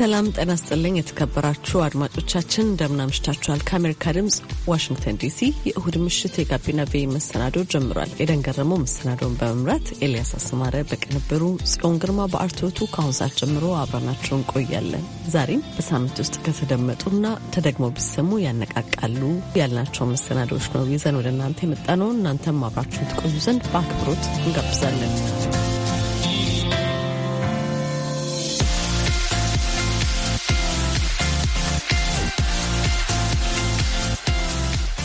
ሰላም ጤና ስጥልኝ። የተከበራችሁ አድማጮቻችን እንደምን አምሽታችኋል? ከአሜሪካ ድምፅ ዋሽንግተን ዲሲ የእሁድ ምሽት የጋቢና ቤ መሰናዶ ጀምሯል። ኤደን ገረመው መሰናዶውን በመምራት ኤልያስ አስማረ በቅንብሩ፣ ጽዮን ግርማ በአርትዖቱ ከአሁን ሰዓት ጀምሮ አብረናችሁ እንቆያለን። ዛሬም በሳምንት ውስጥ ከተደመጡና ተደግመው ቢሰሙ ያነቃቃሉ ያልናቸው መሰናዶዎች ነው ይዘን ወደ እናንተ የመጣነው። እናንተም አብራችሁን ትቆዩ ዘንድ በአክብሮት እንጋብዛለን።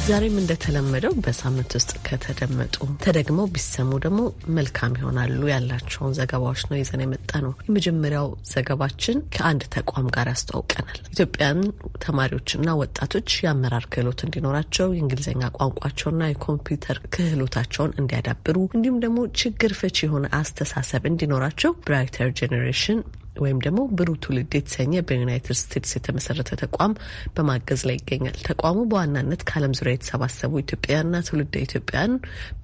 ዛሬም እንደተለመደው በሳምንት ውስጥ ከተደመጡ ተደግመው ቢሰሙ ደግሞ መልካም ይሆናሉ ያላቸውን ዘገባዎች ነው ይዘን የመጣ ነው። የመጀመሪያው ዘገባችን ከአንድ ተቋም ጋር ያስተዋውቀናል። ኢትዮጵያን ተማሪዎችና ወጣቶች የአመራር ክህሎት እንዲኖራቸው የእንግሊዝኛ ቋንቋቸውና የኮምፒውተር ክህሎታቸውን እንዲያዳብሩ እንዲሁም ደግሞ ችግር ፈቺ የሆነ አስተሳሰብ እንዲኖራቸው ብራይተር ጄኔሬሽን ወይም ደግሞ ብሩህ ትውልድ የተሰኘ በዩናይትድ ስቴትስ የተመሰረተ ተቋም በማገዝ ላይ ይገኛል። ተቋሙ በዋናነት ከዓለም ዙሪያ የተሰባሰቡ ኢትዮጵያና ትውልደ ኢትዮጵያን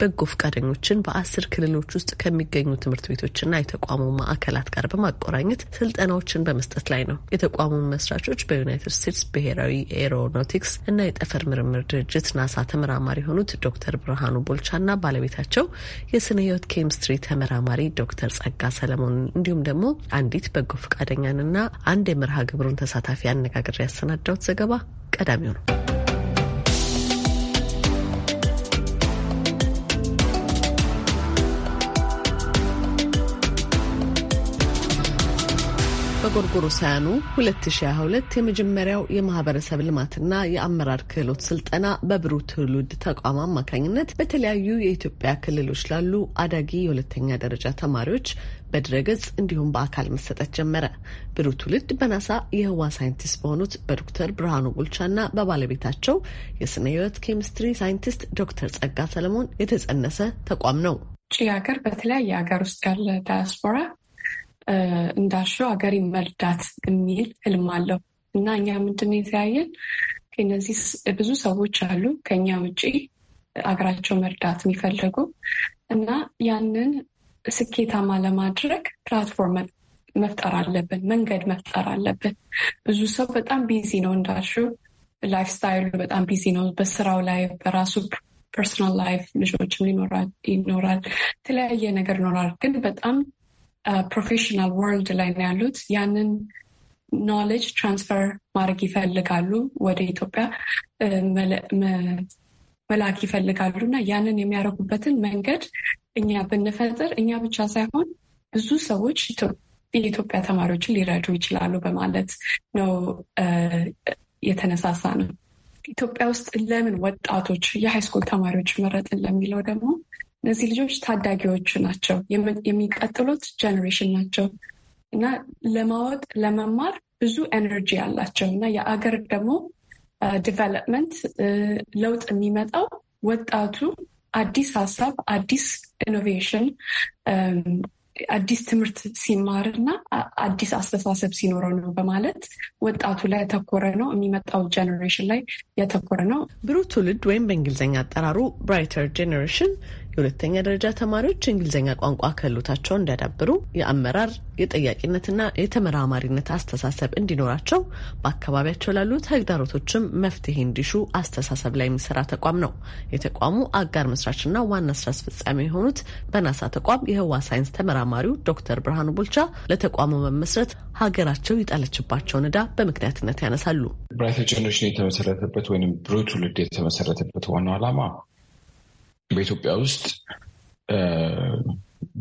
በጎ ፈቃደኞችን በአስር ክልሎች ውስጥ ከሚገኙ ትምህርት ቤቶችና የተቋሙ ማዕከላት ጋር በማቆራኘት ስልጠናዎችን በመስጠት ላይ ነው። የተቋሙን መስራቾች በዩናይትድ ስቴትስ ብሔራዊ ኤሮኖቲክስ እና የጠፈር ምርምር ድርጅት ናሳ ተመራማሪ የሆኑት ዶክተር ብርሃኑ ቦልቻና ባለቤታቸው የስነ ህይወት ኬሚስትሪ ተመራማሪ ዶክተር ጸጋ ሰለሞን እንዲሁም ደግሞ አንዲት በ በጎ ፈቃደኛንና አንድ የመርሃ ግብሩን ተሳታፊ አነጋግሬ ያሰናዳሁት ዘገባ ቀዳሚው ነው። ሳያኑ 2022 የመጀመሪያው የማህበረሰብ ልማትና የአመራር ክህሎት ስልጠና በብሩህ ትውልድ ተቋም አማካኝነት በተለያዩ የኢትዮጵያ ክልሎች ላሉ አዳጊ የሁለተኛ ደረጃ ተማሪዎች በድረገጽ እንዲሁም በአካል መሰጠት ጀመረ። ብሩህ ትውልድ በናሳ የህዋ ሳይንቲስት በሆኑት በዶክተር ብርሃኑ ና በባለቤታቸው የስነ ህይወት ኬሚስትሪ ሳይንቲስት ዶክተር ጸጋ ሰለሞን የተጸነሰ ተቋም ነው። ውጭ ሀገር በተለያየ ሀገር ውስጥ ያለ ዳያስፖራ እንዳሹ ሀገር መርዳት የሚል ህልም አለው እና እኛ ምንድን የተያየን እነዚህ ብዙ ሰዎች አሉ ከኛ ውጭ አገራቸው መርዳት የሚፈለጉ እና ያንን ስኬታማ ለማድረግ ፕላትፎርም መፍጠር አለብን፣ መንገድ መፍጠር አለብን። ብዙ ሰው በጣም ቢዚ ነው እንዳሹ ላይፍ ስታይሉ በጣም ቢዚ ነው በስራው ላይ በራሱ ፐርሶናል ላይፍ ልጆችም ይኖራል፣ የተለያየ ነገር ይኖራል። ግን በጣም ፕሮፌሽናል ወርልድ ላይ ነው ያሉት። ያንን ኖሌጅ ትራንስፈር ማድረግ ይፈልጋሉ፣ ወደ ኢትዮጵያ መላክ ይፈልጋሉ እና ያንን የሚያደርጉበትን መንገድ እኛ ብንፈጥር እኛ ብቻ ሳይሆን ብዙ ሰዎች የኢትዮጵያ ተማሪዎችን ሊረዱ ይችላሉ በማለት ነው የተነሳሳ ነው። ኢትዮጵያ ውስጥ ለምን ወጣቶች የሃይስኩል ተማሪዎች መረጥን ለሚለው ደግሞ እነዚህ ልጆች ታዳጊዎቹ ናቸው፣ የሚቀጥሉት ጀኔሬሽን ናቸው እና ለማወቅ ለመማር ብዙ ኤነርጂ አላቸው እና የአገር ደግሞ ዲቨሎፕመንት ለውጥ የሚመጣው ወጣቱ አዲስ ሀሳብ፣ አዲስ ኢኖቬሽን፣ አዲስ ትምህርት ሲማር እና አዲስ አስተሳሰብ ሲኖረው ነው በማለት ወጣቱ ላይ ያተኮረ ነው። የሚመጣው ጀኔሬሽን ላይ ያተኮረ ነው። ብሩህ ትውልድ ወይም በእንግሊዝኛ አጠራሩ ብራይተር ጀኔሬሽን የሁለተኛ ደረጃ ተማሪዎች እንግሊዝኛ ቋንቋ ክህሎታቸውን እንዲያዳብሩ የአመራር የጠያቂነትና የተመራማሪነት አስተሳሰብ እንዲኖራቸው በአካባቢያቸው ላሉ ተግዳሮቶችም መፍትሄ እንዲሹ አስተሳሰብ ላይ የሚሰራ ተቋም ነው። የተቋሙ አጋር መስራችና ዋና ስራ አስፈጻሚ የሆኑት በናሳ ተቋም የህዋ ሳይንስ ተመራማሪው ዶክተር ብርሃኑ ቡልቻ ለተቋሙ መመስረት ሀገራቸው የጣለችባቸውን እዳ በምክንያትነት ያነሳሉ። ብራይተር የተመሰረተበት ወይም ብሩህ ትውልድ የተመሰረተበት ዋናው ዓላማ በኢትዮጵያ ውስጥ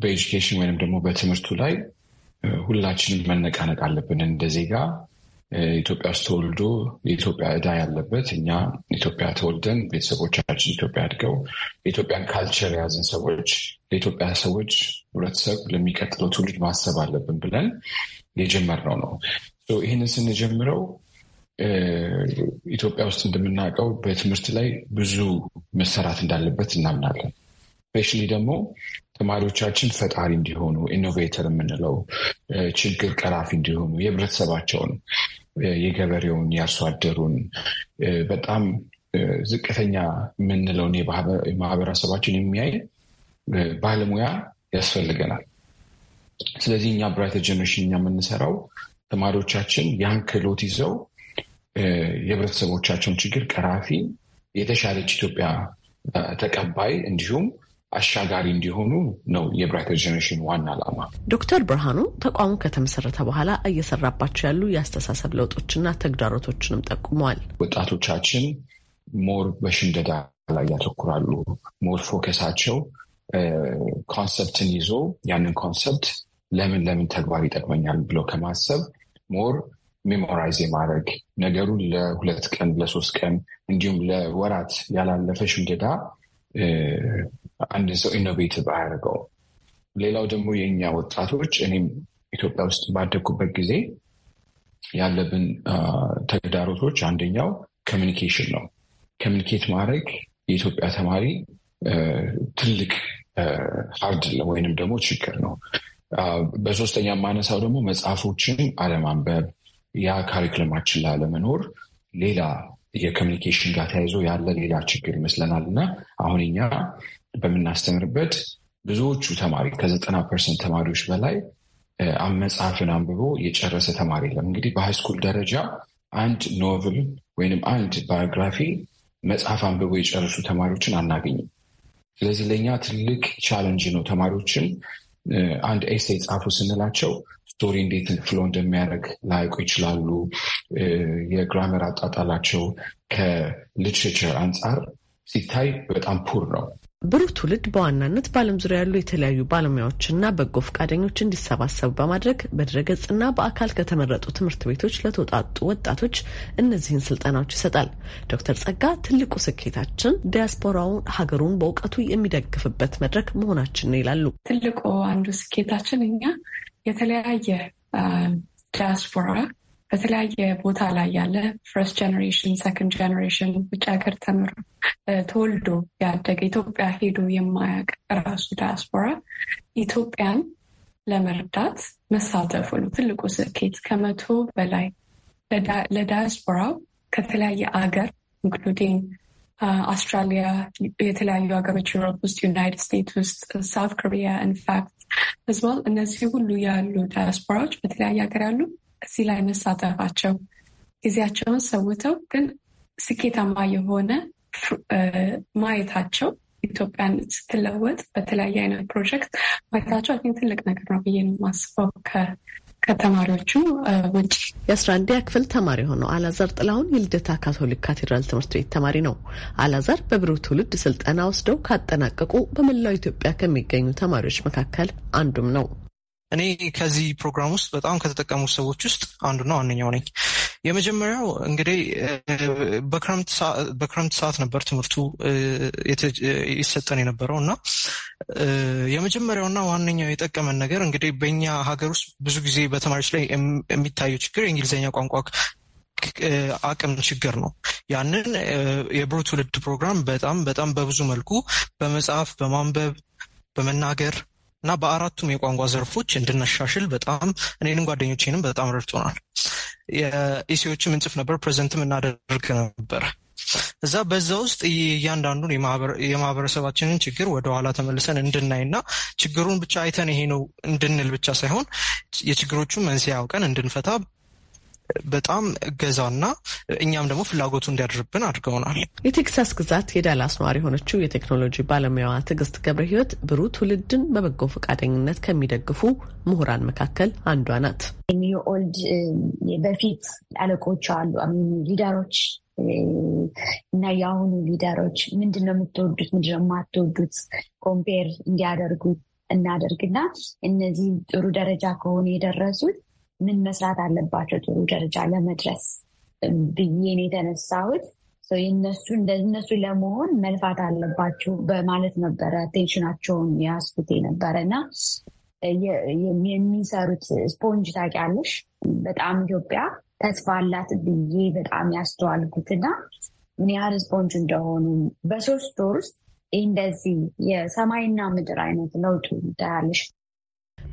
በኤጁኬሽን ወይም ደግሞ በትምህርቱ ላይ ሁላችንም መነቃነቅ አለብን። እንደ ዜጋ ኢትዮጵያ ውስጥ ተወልዶ የኢትዮጵያ እዳ ያለበት እኛ ኢትዮጵያ ተወልደን ቤተሰቦቻችን ኢትዮጵያ አድገው የኢትዮጵያን ካልቸር የያዝን ሰዎች ለኢትዮጵያ ሰዎች ህብረተሰብ፣ ለሚቀጥለው ትውልድ ማሰብ አለብን ብለን የጀመርነው ነው። ይህንን ስንጀምረው ኢትዮጵያ ውስጥ እንደምናውቀው በትምህርት ላይ ብዙ መሰራት እንዳለበት እናምናለን። ስፔሻሊ ደግሞ ተማሪዎቻችን ፈጣሪ እንዲሆኑ ኢኖቬተር የምንለው ችግር ቀራፊ እንዲሆኑ የህብረተሰባቸውን፣ የገበሬውን፣ የአርሶ አደሩን በጣም ዝቅተኛ የምንለውን የማህበረሰባችን የሚያይ ባለሙያ ያስፈልገናል። ስለዚህ እኛ ብራይተር ጀኔሬሽን እኛ የምንሰራው ተማሪዎቻችን ያን ክህሎት ይዘው የህብረተሰቦቻቸውን ችግር ቀራፊ የተሻለች ኢትዮጵያ ተቀባይ እንዲሁም አሻጋሪ እንዲሆኑ ነው የብራይተር ጀኔሬሽን ዋና አላማ። ዶክተር ብርሃኑ ተቋሙ ከተመሰረተ በኋላ እየሰራባቸው ያሉ የአስተሳሰብ ለውጦችና ተግዳሮቶችንም ጠቁመዋል። ወጣቶቻችን ሞር በሽንደዳ ላይ ያተኩራሉ። ሞር ፎከሳቸው ኮንሰፕትን ይዞ ያንን ኮንሰፕት ለምን ለምን ተግባር ይጠቅመኛል ብለው ከማሰብ ሞር ሜሞራይዝ የማድረግ ነገሩን ለሁለት ቀን ለሶስት ቀን እንዲሁም ለወራት ያላለፈ ሽምደዳ አንድ ሰው ኢኖቬቲቭ አያደርገው። ሌላው ደግሞ የእኛ ወጣቶች እኔም ኢትዮጵያ ውስጥ ባደግኩበት ጊዜ ያለብን ተግዳሮቶች አንደኛው ኮሚኒኬሽን ነው። ኮሚኒኬት ማድረግ የኢትዮጵያ ተማሪ ትልቅ ሀርድ ወይንም ደግሞ ችግር ነው። በሶስተኛ የማነሳው ደግሞ መጽሐፎችን አለማንበብ ያ ካሪክለማችን ላለመኖር ሌላ የኮሚኒኬሽን ጋር ተያይዞ ያለ ሌላ ችግር ይመስለናል እና አሁን እኛ በምናስተምርበት ብዙዎቹ ተማሪ ከዘጠና ፐርሰንት ተማሪዎች በላይ መጽሐፍን አንብቦ የጨረሰ ተማሪ የለም። እንግዲህ በሃይስኩል ደረጃ አንድ ኖቭል ወይንም አንድ ባዮግራፊ መጽሐፍ አንብቦ የጨረሱ ተማሪዎችን አናገኝም። ስለዚህ ለእኛ ትልቅ ቻለንጅ ነው። ተማሪዎችን አንድ ኤሴ ጻፉ ስንላቸው ስቶሪ እንዴት ፍሎ እንደሚያደርግ ላያውቁ ይችላሉ። የግራመር አጣጣላቸው ከሊትሬቸር አንጻር ሲታይ በጣም ፑር ነው። ብሩህ ትውልድ በዋናነት በዓለም ዙሪያ ያሉ የተለያዩ ባለሙያዎችና በጎ ፈቃደኞች እንዲሰባሰቡ በማድረግ በድረገጽና በአካል ከተመረጡ ትምህርት ቤቶች ለተውጣጡ ወጣቶች እነዚህን ስልጠናዎች ይሰጣል። ዶክተር ጸጋ ትልቁ ስኬታችን ዲያስፖራውን ሀገሩን በእውቀቱ የሚደግፍበት መድረክ መሆናችን ነው ይላሉ። ትልቁ አንዱ ስኬታችን እኛ የተለያየ ዲያስፖራ um, በተለያየ ቦታ ላይ ያለ ፈርስት ጀኔሬሽን ሰከንድ ጀኔሬሽን ውጭ ሀገር ተምሮ uh, ተወልዶ ያደገ ኢትዮጵያ ሄዶ የማያውቅ ራሱ ዲያስፖራ ኢትዮጵያን ለመርዳት መሳተፉ ነው ትልቁ ስኬት። ከመቶ በላይ ለዳያስፖራው ከተለያየ አገር ኢንክሉዲንግ አውስትራሊያ፣ uh, የተለያዩ ሀገሮች ዩሮፕ ውስጥ፣ ዩናይትድ ስቴትስ ውስጥ፣ ሳውት ኮሪያ ኢንፋክት ህዝቧል። እነዚህ ሁሉ ያሉ ዳያስፖራዎች በተለያየ ሀገር ያሉ እዚህ ላይ መሳተፋቸው ጊዜያቸውን ሰውተው ግን ስኬታማ የሆነ uh, ማየታቸው ኢትዮጵያን ስትለወጥ በተለያየ አይነት ፕሮጀክት ማየታቸው አን ትልቅ ነገር ነው ብዬ ነው የማስበው። ከተማሪዎቹ ውጭ የአስራ አንደኛ ክፍል ተማሪ የሆነው አላዛር ጥላሁን የልደታ ካቶሊክ ካቴድራል ትምህርት ቤት ተማሪ ነው። አላዛር በብሩህ ትውልድ ስልጠና ወስደው ካጠናቀቁ በመላው ኢትዮጵያ ከሚገኙ ተማሪዎች መካከል አንዱም ነው። እኔ ከዚህ ፕሮግራም ውስጥ በጣም ከተጠቀሙ ሰዎች ውስጥ አንዱና ዋነኛው ነኝ። የመጀመሪያው እንግዲህ በክረምት ሰዓት ነበር ትምህርቱ ይሰጠን የነበረው እና የመጀመሪያውና ዋነኛው የጠቀመን ነገር እንግዲህ በእኛ ሀገር ውስጥ ብዙ ጊዜ በተማሪዎች ላይ የሚታየው ችግር የእንግሊዝኛ ቋንቋ አቅም ችግር ነው። ያንን የብሩህ ትውልድ ፕሮግራም በጣም በጣም በብዙ መልኩ በመጽሐፍ፣ በማንበብ፣ በመናገር እና በአራቱም የቋንቋ ዘርፎች እንድናሻሽል በጣም እኔንም ጓደኞቼንም በጣም ረድቶናል። የኢሴዎችም እንጽፍ ነበር፣ ፕሬዘንትም እናደርግ ነበር። እዛ በዛ ውስጥ እያንዳንዱን የማህበረሰባችንን ችግር ወደኋላ ተመልሰን እንድናይና ችግሩን ብቻ አይተን ይሄ ነው እንድንል ብቻ ሳይሆን የችግሮቹን መንስኤ አውቀን እንድንፈታ በጣም እገዛና እኛም ደግሞ ፍላጎቱ እንዲያድርብን አድርገውናል። የቴክሳስ ግዛት የዳላስ ነዋሪ የሆነችው የቴክኖሎጂ ባለሙያዋ ትዕግስት ገብረ ህይወት ብሩ ትውልድን በበጎ ፈቃደኝነት ከሚደግፉ ምሁራን መካከል አንዷ ናት። ኒው በፊት አለቆቿ አሉ ሊደሮች እና የአሁኑ ሊደሮች ምንድን ነው የምትወዱት፣ ምንድነው የማትወዱት ኮምፔር እንዲያደርጉ እናደርግና እነዚህ ጥሩ ደረጃ ከሆነ የደረሱት ምን መስራት አለባቸው ጥሩ ደረጃ ለመድረስ ብዬን የተነሳሁት እነሱ እነሱ ለመሆን መልፋት አለባቸው በማለት ነበረ ቴንሽናቸውን ያስኩት ነበረ እና የሚሰሩት ስፖንጅ ታውቂያለሽ፣ በጣም ኢትዮጵያ ተስፋ አላት ብዬ በጣም ያስተዋልኩትና ምን ያህል ስፖንጅ እንደሆኑ በሶስት ወር ውስጥ እንደዚህ የሰማይና ምድር አይነት ለውጡ ይታያለሽ።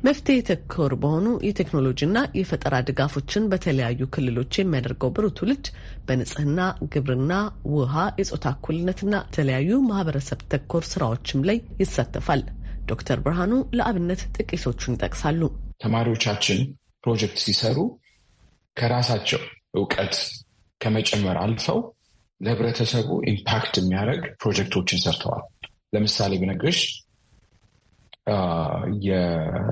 መፍትሄ ተኮር በሆኑ የቴክኖሎጂና የፈጠራ ድጋፎችን በተለያዩ ክልሎች የሚያደርገው ብሩህ ትውልድ በንጽህና፣ ግብርና፣ ውሃ፣ የጾታ እኩልነትና የተለያዩ ማህበረሰብ ተኮር ስራዎችም ላይ ይሳተፋል። ዶክተር ብርሃኑ ለአብነት ጥቂቶቹን ይጠቅሳሉ። ተማሪዎቻችን ፕሮጀክት ሲሰሩ ከራሳቸው እውቀት ከመጨመር አልፈው ለህብረተሰቡ ኢምፓክት የሚያደርግ ፕሮጀክቶችን ሰርተዋል። ለምሳሌ ብነግርሽ የአሶሳ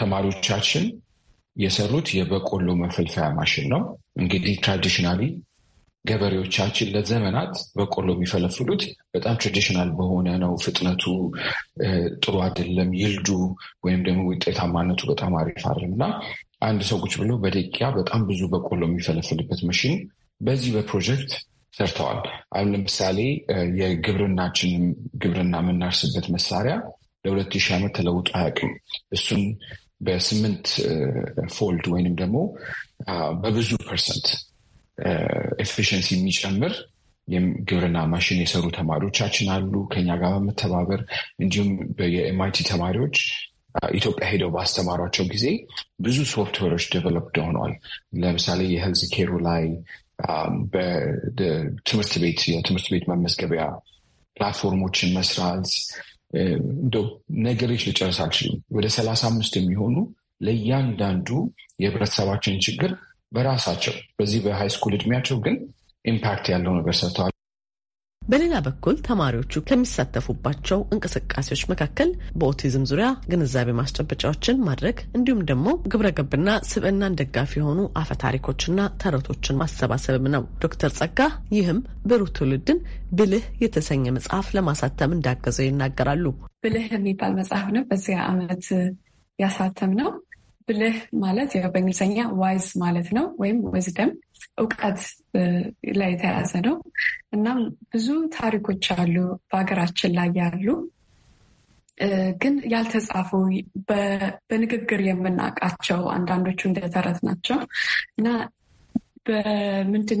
ተማሪዎቻችን የሰሩት የበቆሎ መፈልፈያ ማሽን ነው። እንግዲህ ትራዲሽናሊ ገበሬዎቻችን ለዘመናት በቆሎ የሚፈለፍሉት በጣም ትራዲሽናል በሆነ ነው። ፍጥነቱ ጥሩ አይደለም፣ ይልዱ ወይም ደግሞ ውጤታማነቱ በጣም አሪፍ አይደለም እና አንድ ሰው ቁጭ ብሎ በደቂቃ በጣም ብዙ በቆሎ የሚፈለፍልበት መሽን በዚህ በፕሮጀክት ሰርተዋል። አሁን ለምሳሌ የግብርናችን ግብርና የምናርስበት መሳሪያ ለሁለት ሺህ ዓመት ተለውጦ አያውቅም። እሱን በስምንት ፎልድ ወይንም ደግሞ በብዙ ፐርሰንት ኤፊሽንሲ የሚጨምር ግብርና ማሽን የሰሩ ተማሪዎቻችን አሉ ከኛ ጋር በመተባበር እንዲሁም የኤምአይቲ ተማሪዎች ኢትዮጵያ ሄደው ባስተማሯቸው ጊዜ ብዙ ሶፍትዌሮች ዴቨሎፕድ ሆነዋል። ለምሳሌ የሄልዝ ኬሩ ላይ um, ትምህርት ቤት የትምህርት ቤት መመዝገቢያ ፕላትፎርሞችን መስራት um, ነገሮች ልጨርስ አልችልም። ወደ ሰላሳ አምስት የሚሆኑ ለእያንዳንዱ የህብረተሰባችን ችግር በራሳቸው በዚህ በሃይስኩል እድሜያቸው ግን ኢምፓክት ያለው ነገር ሰርተዋል። በሌላ በኩል ተማሪዎቹ ከሚሳተፉባቸው እንቅስቃሴዎች መካከል በኦቲዝም ዙሪያ ግንዛቤ ማስጨበጫዎችን ማድረግ እንዲሁም ደግሞ ግብረ ገብና ስብዕናን ደጋፊ የሆኑ አፈ ታሪኮችና ተረቶችን ማሰባሰብም ነው። ዶክተር ጸጋ ይህም ብሩህ ትውልድን ብልህ የተሰኘ መጽሐፍ ለማሳተም እንዳገዘው ይናገራሉ። ብልህ የሚባል መጽሐፍ ነው በዚያ ዓመት ያሳተም ነው። ብልህ ማለት በእንግሊዝኛ ዋይዝ ማለት ነው ወይም ወዝደም እውቀት ላይ የተያዘ ነው። እናም ብዙ ታሪኮች አሉ በሀገራችን ላይ ያሉ ግን ያልተጻፉ በንግግር የምናውቃቸው አንዳንዶቹ እንደተረት ናቸው እና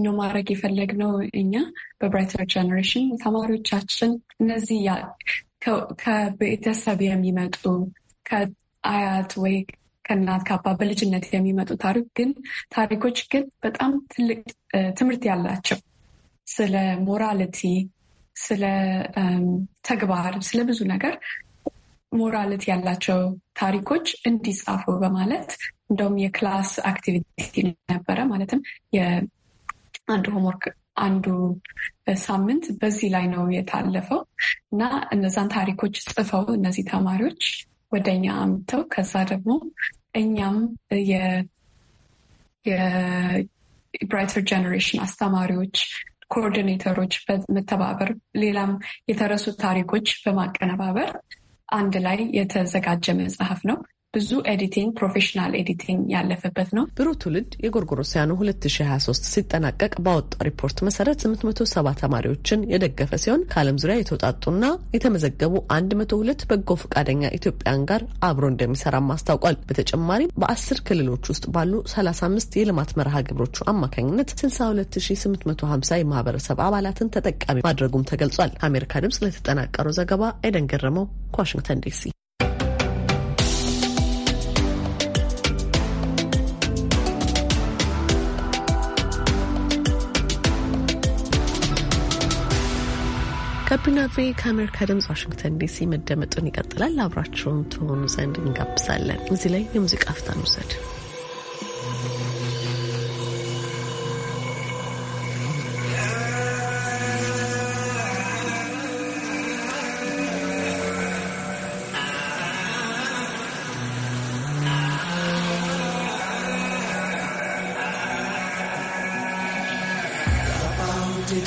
ነው ማድረግ የፈለግነው እኛ በብራይተር ጀኔሬሽን ተማሪዎቻችን እነዚህ ከቤተሰብ የሚመጡ ከአያት ወይ ከእናት ከአባ በልጅነት የሚመጡ ታሪክ ግን ታሪኮች ግን በጣም ትልቅ ትምህርት ያላቸው ስለ ሞራልቲ፣ ስለ ተግባር፣ ስለ ብዙ ነገር ሞራልቲ ያላቸው ታሪኮች እንዲጻፉ በማለት እንደውም የክላስ አክቲቪቲ ነበረ። ማለትም የአንዱ ሆምወርክ አንዱ ሳምንት በዚህ ላይ ነው የታለፈው እና እነዛን ታሪኮች ጽፈው እነዚህ ተማሪዎች ወደ እኛ አምተው ከዛ ደግሞ እኛም የብራይተር ጀኔሬሽን አስተማሪዎች፣ ኮኦርዲኔተሮች በመተባበር ሌላም የተረሱ ታሪኮች በማቀነባበር አንድ ላይ የተዘጋጀ መጽሐፍ ነው። ብዙ ኤዲቲንግ ፕሮፌሽናል ኤዲቲንግ ያለፈበት ነው። ብሩህ ትውልድ የጎርጎሮሳውያኑ 2023 ሲጠናቀቅ ባወጣው ሪፖርት መሰረት 870 ተማሪዎችን የደገፈ ሲሆን ከዓለም ዙሪያ የተውጣጡና የተመዘገቡ 102 በጎ ፈቃደኛ ኢትዮጵያን ጋር አብሮ እንደሚሰራም አስታውቋል። በተጨማሪም በአስር ክልሎች ውስጥ ባሉ 35 የልማት መርሃ ግብሮቹ አማካኝነት 62850 የማህበረሰብ አባላትን ተጠቃሚ ማድረጉም ተገልጿል። አሜሪካ ድምጽ ለተጠናቀረው ዘገባ ኤደን ገረመው ከዋሽንግተን ዲሲ ጋቢና ቬ ከአሜሪካ ድምጽ ዋሽንግተን ዲሲ መደመጡን ይቀጥላል። አብራችሁን ትሆኑ ዘንድ እንጋብዛለን። እዚህ ላይ የሙዚቃ ፍታን ውሰድ።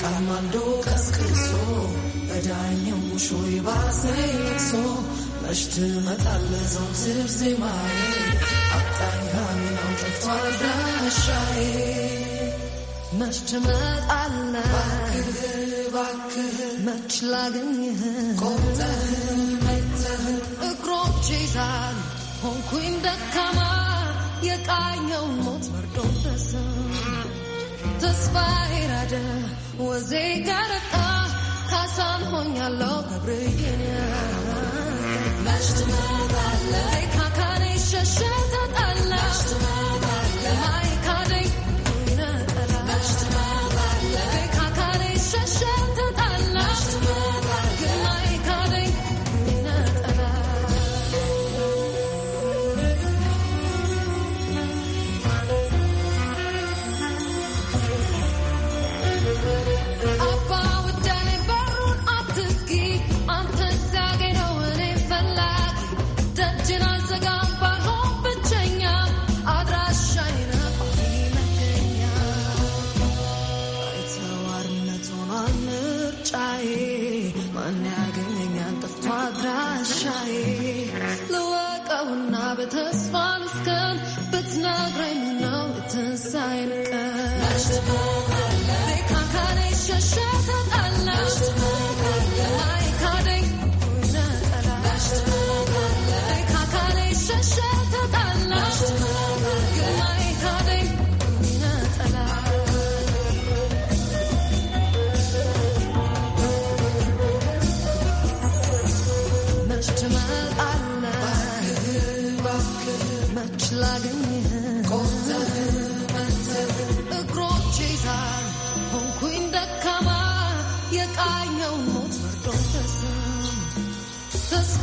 I'm ቃኘው ሙሾይ ባሰ ለቅሶ መች ትመጣለህ ዘውትር ዜማዬ አጣኝ ካሚናው ጠፍቷል ዳሻዬ መች ትመጣለህ መች ላገኝህ መተህ ይዛል ሆንኩኝ ደካማ የቃኘው ሞት ተስፋ ወዜ ጋረጣ ሳልሆኛለሁ ገብርዬ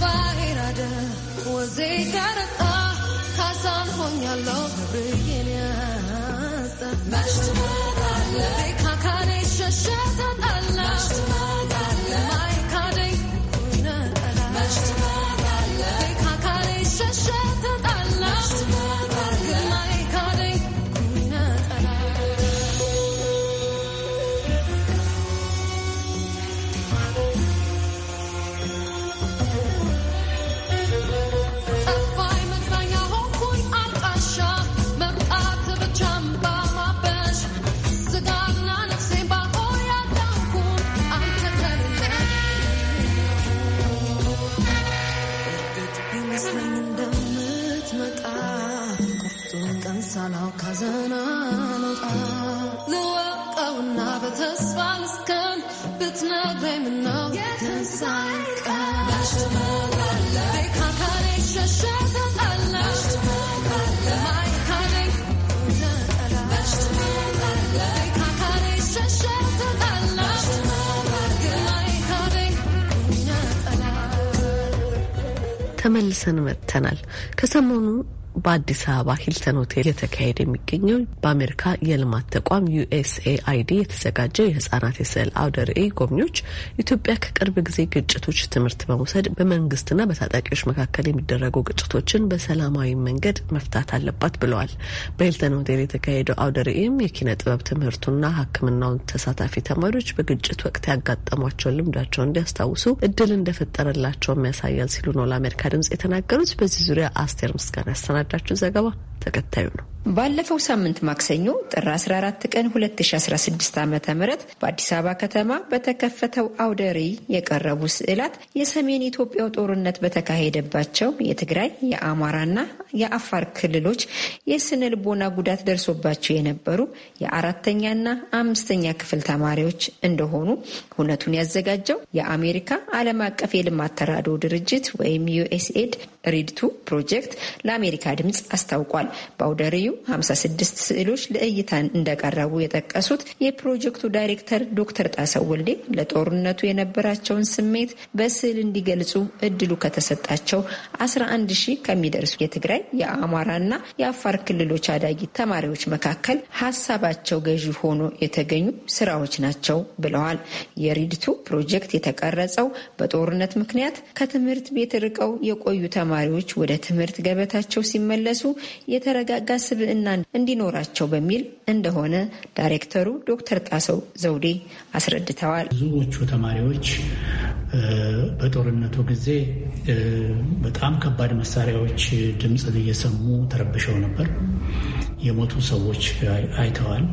ባሄራደ ወዜ ጋረጣ ካሳን ሆኛለሁ ብዬን ያጣ ካካኔ ሸሸ ተጣላ ተመልሰን መጥተናል። ከሰሞኑ በአዲስ አበባ ሂልተን ሆቴል የተካሄደ የሚገኘው በአሜሪካ የልማት ተቋም ዩኤስኤአይዲ የተዘጋጀው የህጻናት የስዕል አውደ ርዕይ ጎብኚዎች ኢትዮጵያ ከቅርብ ጊዜ ግጭቶች ትምህርት በመውሰድ በመንግስትና በታጣቂዎች መካከል የሚደረጉ ግጭቶችን በሰላማዊ መንገድ መፍታት አለባት ብለዋል። በሂልተን ሆቴል የተካሄደው አውደ ርዕይም የኪነ ጥበብ ትምህርቱና ሕክምናውን ተሳታፊ ተማሪዎች በግጭት ወቅት ያጋጠሟቸውን ልምዳቸውን እንዲያስታውሱ እድል እንደፈጠረላቸውም ያሳያል ሲሉ ነው ለአሜሪካ ድምጽ የተናገሩት። በዚህ ዙሪያ አስቴር ምስጋና ያሰናዳል። ያሰናዳችው ዘገባ ተከታዩ ነው። ባለፈው ሳምንት ማክሰኞ ጥር 14 ቀን 2016 ዓ ም በአዲስ አበባ ከተማ በተከፈተው አውደ ርዕይ የቀረቡ ስዕላት የሰሜን ኢትዮጵያው ጦርነት በተካሄደባቸው የትግራይ የአማራና የአፋር ክልሎች የስነ ልቦና ጉዳት ደርሶባቸው የነበሩ የአራተኛና አምስተኛ ክፍል ተማሪዎች እንደሆኑ እውነቱን ያዘጋጀው የአሜሪካ ዓለም አቀፍ የልማት ተራድኦ ድርጅት ወይም ዩኤስኤድ ሪድቱ ፕሮጀክት ለአሜሪካ ድምፅ አስታውቋል። በአውደ ርዕዩ 56 ስዕሎች ለእይታን እንደቀረቡ የጠቀሱት የፕሮጀክቱ ዳይሬክተር ዶክተር ጣሰው ወልዴ ለጦርነቱ የነበራቸውን ስሜት በስዕል እንዲገልጹ እድሉ ከተሰጣቸው 11 ሺህ ከሚደርሱ የትግራይ የአማራና የአፋር ክልሎች አዳጊ ተማሪዎች መካከል ሀሳባቸው ገዢ ሆኖ የተገኙ ስራዎች ናቸው ብለዋል። የሪድቱ ፕሮጀክት የተቀረጸው በጦርነት ምክንያት ከትምህርት ቤት ርቀው የቆዩ ተማሪዎች ወደ ትምህርት ገበታቸው ሲመለሱ የተረጋጋ ስብዕና እንዲኖራቸው በሚል እንደሆነ ዳይሬክተሩ ዶክተር ጣሰው ዘውዴ አስረድተዋል። ብዙዎቹ ተማሪዎች በጦርነቱ ጊዜ በጣም ከባድ መሳሪያዎች ድምፅ እየሰሙ ተረብሸው ነበር። የሞቱ ሰዎች አይተዋል።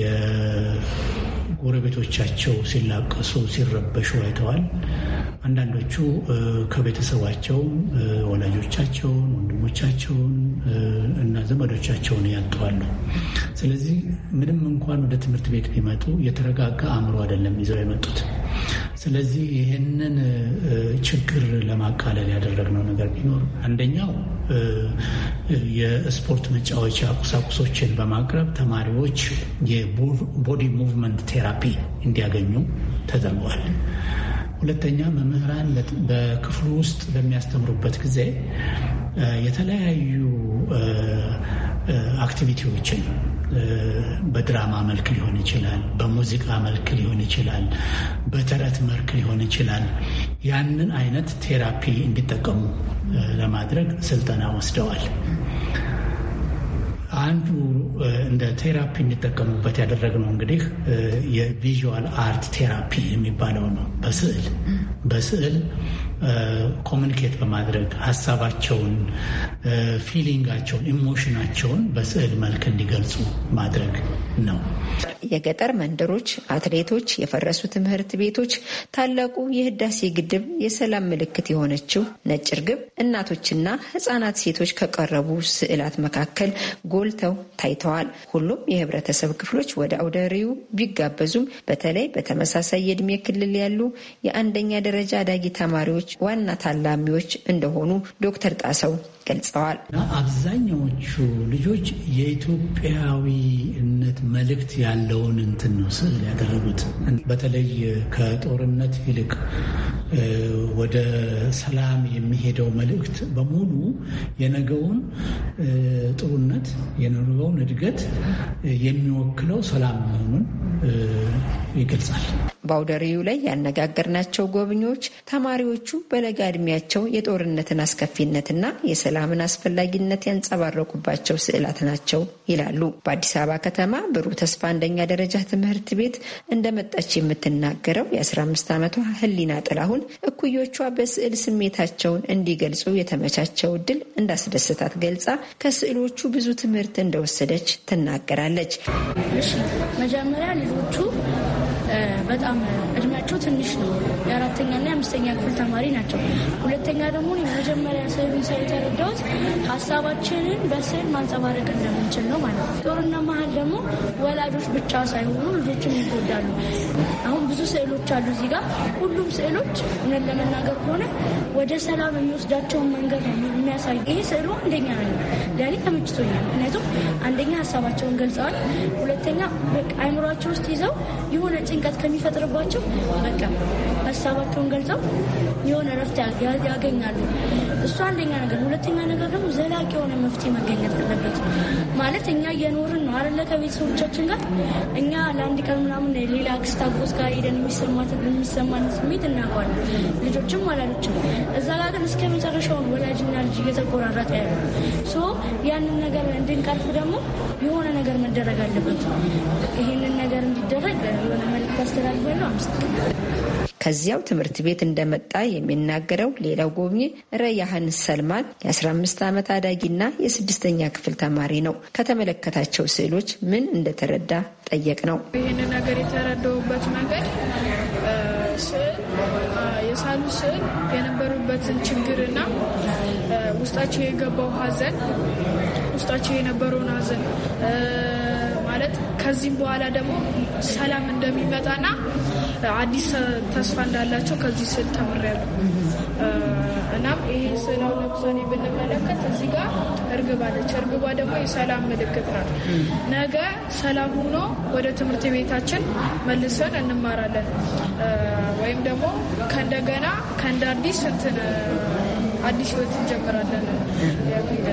የጎረቤቶቻቸው ሲላቀሱ፣ ሲረበሹ አይተዋል። አንዳንዶቹ ከቤተሰባቸው ወላጆቻቸውን፣ ወንድሞቻቸውን እና ዘመዶቻቸውን ያጠዋሉ። ስለዚህ ምንም እንኳን ወደ ትምህርት ቤት ቢመጡ የተረጋጋ አእምሮ አይደለም ይዘው የመጡት። ስለዚህ ይህንን ችግር ለማቃለል ያደረግነው ነገር ቢኖር አንደኛው የስፖርት መጫወቻ ቁሳቁሶችን በማቅረብ ተማሪዎች የቦዲ ሙቭመንት ቴራፒ እንዲያገኙ ተደርጓል። ሁለተኛ መምህራን በክፍሉ ውስጥ በሚያስተምሩበት ጊዜ የተለያዩ አክቲቪቲዎችን በድራማ መልክ ሊሆን ይችላል፣ በሙዚቃ መልክ ሊሆን ይችላል፣ በተረት መልክ ሊሆን ይችላል። ያንን አይነት ቴራፒ እንዲጠቀሙ ለማድረግ ስልጠና ወስደዋል። አንዱ እንደ ቴራፒ የሚጠቀሙበት ያደረግነው እንግዲህ የቪዥዋል አርት ቴራፒ የሚባለው ነው። በስዕል በስዕል ኮሚኒኬት በማድረግ ሀሳባቸውን፣ ፊሊንጋቸውን፣ ኢሞሽናቸውን በስዕል መልክ እንዲገልጹ ማድረግ ነው። የገጠር መንደሮች፣ አትሌቶች፣ የፈረሱ ትምህርት ቤቶች፣ ታላቁ የህዳሴ ግድብ፣ የሰላም ምልክት የሆነችው ነጭ ርግብ፣ እናቶችና ህጻናት ሴቶች ከቀረቡ ስዕላት መካከል ጎልተው ታይተዋል። ሁሉም የህብረተሰብ ክፍሎች ወደ አውደ ርዕዩ ቢጋበዙም በተለይ በተመሳሳይ የእድሜ ክልል ያሉ የአንደኛ ደረጃ አዳጊ ተማሪዎች ሰዎች ዋና ታላሚዎች እንደሆኑ ዶክተር ጣሰው ገልጸዋል። አብዛኛዎቹ ልጆች የኢትዮጵያዊነት መልእክት ያለውን እንትን ነው ስዕል ያደረጉት። በተለይ ከጦርነት ይልቅ ወደ ሰላም የሚሄደው መልእክት በሙሉ የነገውን ጥሩነት፣ የነገውን እድገት የሚወክለው ሰላም መሆኑን ይገልጻል። ባውደሪው ላይ ያነጋገርናቸው ጎብኚዎች ተማሪዎቹ በለጋ እድሜያቸው የጦርነትን አስከፊነትና የሰላምን አስፈላጊነት ያንጸባረቁባቸው ስዕላት ናቸው ይላሉ። በአዲስ አበባ ከተማ ብሩህ ተስፋ አንደኛ ደረጃ ትምህርት ቤት እንደመጣች የምትናገረው የ15 ዓመቷ ህሊና ጥላሁን እኩዮቿ በስዕል ስሜታቸውን እንዲገልጹ የተመቻቸው እድል እንዳስደስታት ገልጻ ከስዕሎቹ ብዙ ትምህርት እንደወሰደች ትናገራለች። መጀመሪያ ልጆቹ በጣም እድሜ ቁጥራቸው ትንሽ ነው። የአራተኛና የአምስተኛ ክፍል ተማሪ ናቸው። ሁለተኛ ደግሞ የመጀመሪያ ስዕሉን ሳይ የተረዳሁት ሀሳባችንን በስዕል ማንጸባረቅ እንደምንችል ነው ማለት ነው። ጦርነት መሀል ደግሞ ወላጆች ብቻ ሳይሆኑ ልጆችም ይጎዳሉ። አሁን ብዙ ስዕሎች አሉ እዚህ ጋር። ሁሉም ስዕሎች እውነት ለመናገር ከሆነ ወደ ሰላም የሚወስዳቸውን መንገድ ነው የሚያሳዩ። ይህ ስዕሉ አንደኛ ነው ለእኔ ተመችቶኛል። ምክንያቱም አንደኛ ሀሳባቸውን ገልጸዋል፣ ሁለተኛ አይምሯቸው ውስጥ ይዘው የሆነ ጭንቀት ከሚፈጥርባቸው በቃ ሀሳባቸውን ገልጸው የሆነ ረፍት ያገኛሉ። እሱ አንደኛ ነገር። ሁለተኛ ነገር ደግሞ ዘላቂ የሆነ መፍትሄ መገኘት አለበት። ማለት እኛ እየኖርን ነው አለ ከቤተሰቦቻችን ጋር እኛ ለአንድ ቀን ምናምን ሌላ አክስት አጎት ጋር ሄደን የሚሰማን ስሜት እናውቀዋለን። ልጆችም ወላጆችም እዛ ጋር ግን እስከ መጨረሻውን ወላጅና ልጅ እየተቆራረጠ ያለ ሶ ያንን ነገር እንድንቀርፍ ደግሞ የሆነ ነገር መደረግ አለበት። ይህንን ነገር እንዲደረግ የሆነ መልክ አስተላልፋለሁ። አመሰግናለሁ። ከዚያው ትምህርት ቤት እንደመጣ የሚናገረው ሌላው ጎብኚ ረያህን ሰልማን የ15 ዓመት አዳጊና የስድስተኛ ክፍል ተማሪ ነው። ከተመለከታቸው ስዕሎች ምን እንደተረዳ ጠየቅ ነው። ይህን ነገር የተረዳውበት መንገድ ስዕል የሳሉ ስዕል የነበሩበትን ችግርና ውስጣቸው የገባው ሀዘን ውስጣቸው የነበረውን ሀዘን ማለት ከዚህም በኋላ ደግሞ ሰላም እንደሚመጣና አዲስ ተስፋ እንዳላቸው ከዚህ ስል ተምሬያለሁ። እናም ይሄ ስዕል አሁን ለምሳሌ ብንመለከት እዚህ ጋር እርግብ አለች። እርግቧ ደግሞ የሰላም ምልክት ናት። ነገ ሰላም ሆኖ ወደ ትምህርት ቤታችን መልሰን እንማራለን ወይም ደግሞ ከእንደገና ከእንደ አዲስ እንትን አዲስ ህይወት እንጀምራለን የሚል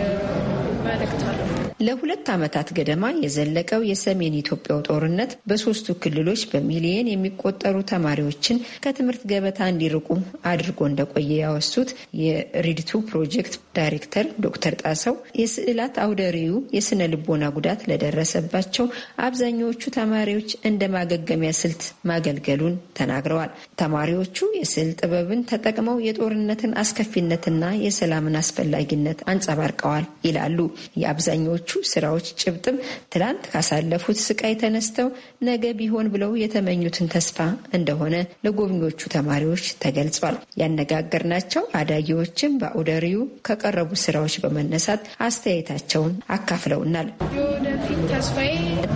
መልእክት አለው። ለሁለት ዓመታት ገደማ የዘለቀው የሰሜን ኢትዮጵያው ጦርነት በሶስቱ ክልሎች በሚሊየን የሚቆጠሩ ተማሪዎችን ከትምህርት ገበታ እንዲርቁ አድርጎ እንደቆየ ያወሱት የሪድቱ ፕሮጀክት ዳይሬክተር ዶክተር ጣሰው የስዕላት አውደሪዩ የስነ ልቦና ጉዳት ለደረሰባቸው አብዛኛዎቹ ተማሪዎች እንደ ማገገሚያ ስልት ማገልገሉን ተናግረዋል። ተማሪዎቹ የስዕል ጥበብን ተጠቅመው የጦርነትን አስከፊነትና የሰላምን አስፈላጊነት አንጸባርቀዋል ይላሉ። የአብዛኛዎቹ ስራዎች ጭብጥም ትላንት ካሳለፉት ስቃይ ተነስተው ነገ ቢሆን ብለው የተመኙትን ተስፋ እንደሆነ ለጎብኚዎቹ ተማሪዎች ተገልጿል። ያነጋገርናቸው አዳጊዎችም በአውደ ርዕዩ ከቀረቡ ስራዎች በመነሳት አስተያየታቸውን አካፍለውናል። የወደፊት ተስፋዬ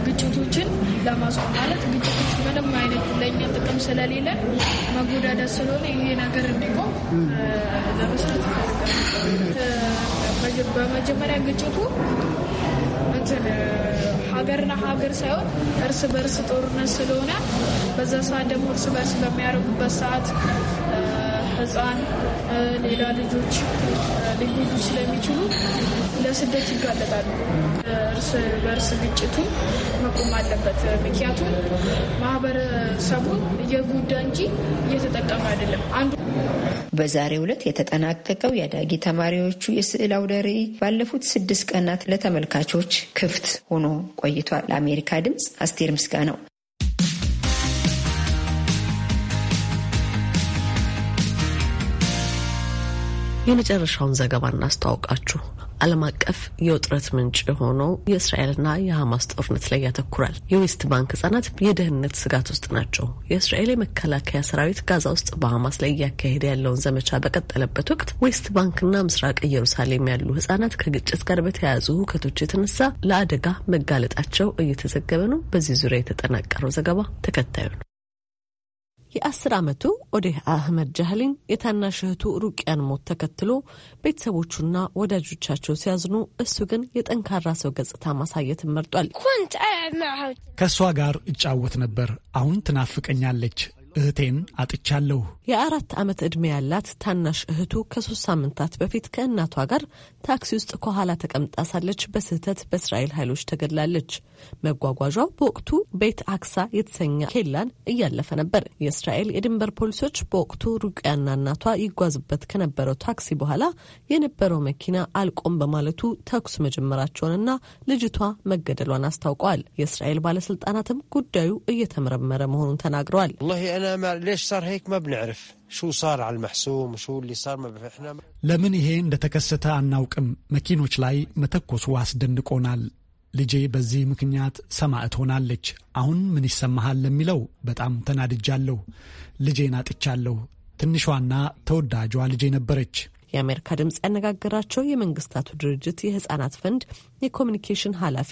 ግጭቶችን ለማስቆም ማለት ግጭቶች ምንም አይነት ለእኛ ጥቅም ስለሌለ መጎዳዳት ስለሆነ ይሄ ነገር እንዲቆም ለመስራት ይፈልጋል። በመጀመሪያ ግጭቱ እንትን ሀገርና ሀገር ሳይሆን እርስ በርስ ጦርነት ስለሆነ በዛ ሰዓት ደግሞ እርስ በርስ በሚያደርጉበት ሰዓት ህፃን ሌላ ልጆች ሊጎዱ ስለሚችሉ ለስደት ይጋለጣሉ። እርስ በእርስ ግጭቱ መቆም አለበት። ምክንያቱም ማህበረሰቡ እየጎዳ እንጂ እየተጠቀመ አይደለም። አንዱ በዛሬ ዕለት የተጠናቀቀው የአዳጊ ተማሪዎቹ የስዕል አውደ ርዕይ ባለፉት ስድስት ቀናት ለተመልካቾች ክፍት ሆኖ ቆይቷል። ለአሜሪካ ድምፅ አስቴር ምስጋ ነው። የመጨረሻውን ዘገባ እናስተዋውቃችሁ። ዓለም አቀፍ የውጥረት ምንጭ የሆነው የእስራኤልና የሐማስ ጦርነት ላይ ያተኩራል። የዌስት ባንክ ህጻናት የደህንነት ስጋት ውስጥ ናቸው። የእስራኤል የመከላከያ ሰራዊት ጋዛ ውስጥ በሐማስ ላይ እያካሄደ ያለውን ዘመቻ በቀጠለበት ወቅት ዌስት ባንክና ምስራቅ ኢየሩሳሌም ያሉ ህጻናት ከግጭት ጋር በተያያዙ ሁከቶች የተነሳ ለአደጋ መጋለጣቸው እየተዘገበ ነው። በዚህ ዙሪያ የተጠናቀረው ዘገባ ተከታዩ ነው። የአስር ዓመቱ ኦዴህ አህመድ ጃህሊን የታናሽ እህቱ ሩቅያን ሞት ተከትሎ ቤተሰቦቹና ወዳጆቻቸው ሲያዝኑ፣ እሱ ግን የጠንካራ ሰው ገጽታ ማሳየት መርጧል። ከእሷ ጋር እጫወት ነበር። አሁን ትናፍቀኛለች እህቴን አጥቻለሁ። የአራት ዓመት ዕድሜ ያላት ታናሽ እህቱ ከሶስት ሳምንታት በፊት ከእናቷ ጋር ታክሲ ውስጥ ከኋላ ተቀምጣ ሳለች በስህተት በእስራኤል ኃይሎች ተገድላለች። መጓጓዣው በወቅቱ ቤት አክሳ የተሰኘ ኬላን እያለፈ ነበር። የእስራኤል የድንበር ፖሊሶች በወቅቱ ሩቅያና እናቷ ይጓዝበት ከነበረው ታክሲ በኋላ የነበረው መኪና አልቆም በማለቱ ተኩስ መጀመራቸውንና ልጅቷ መገደሏን አስታውቀዋል። የእስራኤል ባለስልጣናትም ጉዳዩ እየተመረመረ መሆኑን ተናግረዋል። احنا ما ليش صار هيك ما بنعرف شو صار على المحسوم وشو اللي صار ما بنعرف احنا ለምን ይሄ እንደተከሰተ አናውቅም። መኪኖች ላይ መተኮሱ አስደንቆናል። ልጄ በዚህ ምክንያት ሰማዕት ሆናለች። አሁን ምን ይሰማሃል ለሚለው በጣም ተናድጃለሁ። ልጄን አጥቻለሁ። ትንሿና ተወዳጇ ልጄ ነበረች። የአሜሪካ ድምጽ ያነጋገራቸው የመንግስታቱ ድርጅት የህጻናት ፈንድ የኮሚኒኬሽን ኃላፊ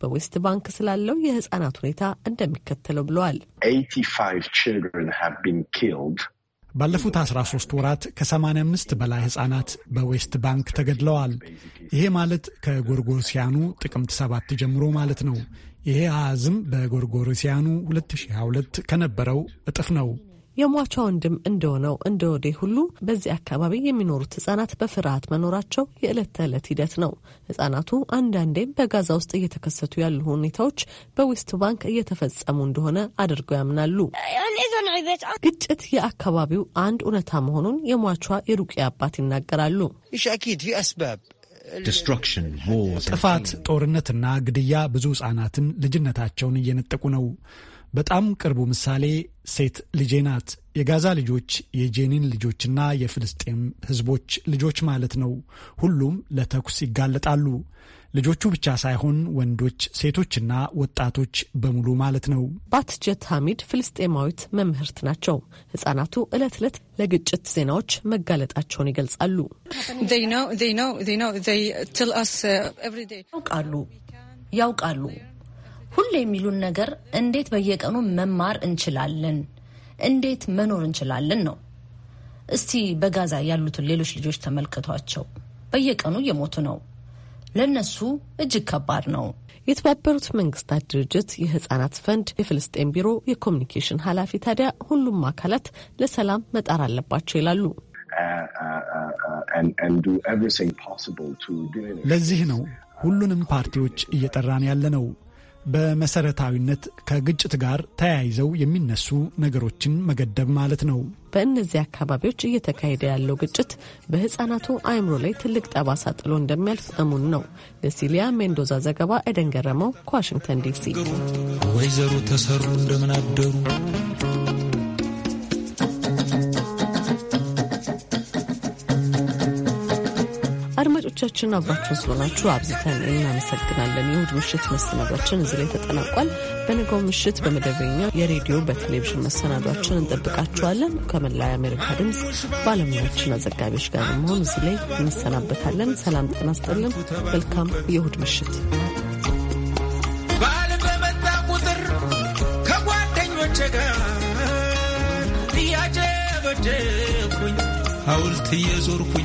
በዌስት ባንክ ስላለው የህጻናት ሁኔታ እንደሚከተለው ብለዋል። ባለፉት 13 ወራት ከ85 በላይ ህጻናት በዌስት ባንክ ተገድለዋል። ይሄ ማለት ከጎርጎርሲያኑ ጥቅምት 7 ጀምሮ ማለት ነው። ይሄ አሃዝም በጎርጎርሲያኑ 2022 ከነበረው እጥፍ ነው። የሟቿ ወንድም እንደሆነው እንደ ወዴ ሁሉ በዚህ አካባቢ የሚኖሩት ህጻናት በፍርሃት መኖራቸው የዕለት ተዕለት ሂደት ነው። ህጻናቱ አንዳንዴም በጋዛ ውስጥ እየተከሰቱ ያሉ ሁኔታዎች በዌስት ባንክ እየተፈጸሙ እንደሆነ አድርገው ያምናሉ። ግጭት የአካባቢው አንድ እውነታ መሆኑን የሟቿ የሩቅያ አባት ይናገራሉ። ጥፋት፣ ጦርነትና ግድያ ብዙ ህጻናትን ልጅነታቸውን እየነጠቁ ነው። በጣም ቅርቡ ምሳሌ ሴት ልጄ ናት። የጋዛ ልጆች የጄኒን ልጆችና የፍልስጤም ህዝቦች ልጆች ማለት ነው። ሁሉም ለተኩስ ይጋለጣሉ። ልጆቹ ብቻ ሳይሆን ወንዶች፣ ሴቶችና ወጣቶች በሙሉ ማለት ነው። ባትጀት ሐሚድ ፍልስጤማዊት መምህርት ናቸው። ህጻናቱ ዕለት ዕለት ለግጭት ዜናዎች መጋለጣቸውን ይገልጻሉ። uh, ያውቃሉ ያውቃሉ ሁሌ የሚሉን ነገር እንዴት በየቀኑ መማር እንችላለን፣ እንዴት መኖር እንችላለን ነው። እስቲ በጋዛ ያሉትን ሌሎች ልጆች ተመልከቷቸው። በየቀኑ እየሞቱ ነው። ለነሱ እጅግ ከባድ ነው። የተባበሩት መንግስታት ድርጅት የህጻናት ፈንድ የፍልስጤን ቢሮ የኮሚኒኬሽን ኃላፊ ታዲያ ሁሉም አካላት ለሰላም መጣር አለባቸው ይላሉ። ለዚህ ነው ሁሉንም ፓርቲዎች እየጠራን ያለ ነው። በመሰረታዊነት ከግጭት ጋር ተያይዘው የሚነሱ ነገሮችን መገደብ ማለት ነው። በእነዚህ አካባቢዎች እየተካሄደ ያለው ግጭት በህፃናቱ አእምሮ ላይ ትልቅ ጠባሳ ጥሎ እንደሚያልፍ እሙን ነው። ለሲሊያ ሜንዶዛ ዘገባ ኤደን ገረመው ከዋሽንግተን ዲሲ። ወይዘሮ ተሰሩ እንደምን አደሩ አድማጮቻችን አብራችሁን ስለሆናችሁ አብዝተን እናመሰግናለን። የእሁድ ምሽት መሰናዷችን እዚህ ላይ ተጠናቋል። በንጋው ምሽት በመደበኛ የሬዲዮ በቴሌቪዥን መሰናዷችን እንጠብቃችኋለን። ከመላ የአሜሪካ ድምፅ ባለሙያዎችና ዘጋቢዎች ጋር መሆን እዚህ ላይ እንሰናበታለን። ሰላም ጤና መልካም የእሁድ ምሽት በዓል በመጣ ቁጥር ጋር ሐውልት እየዞርኩኝ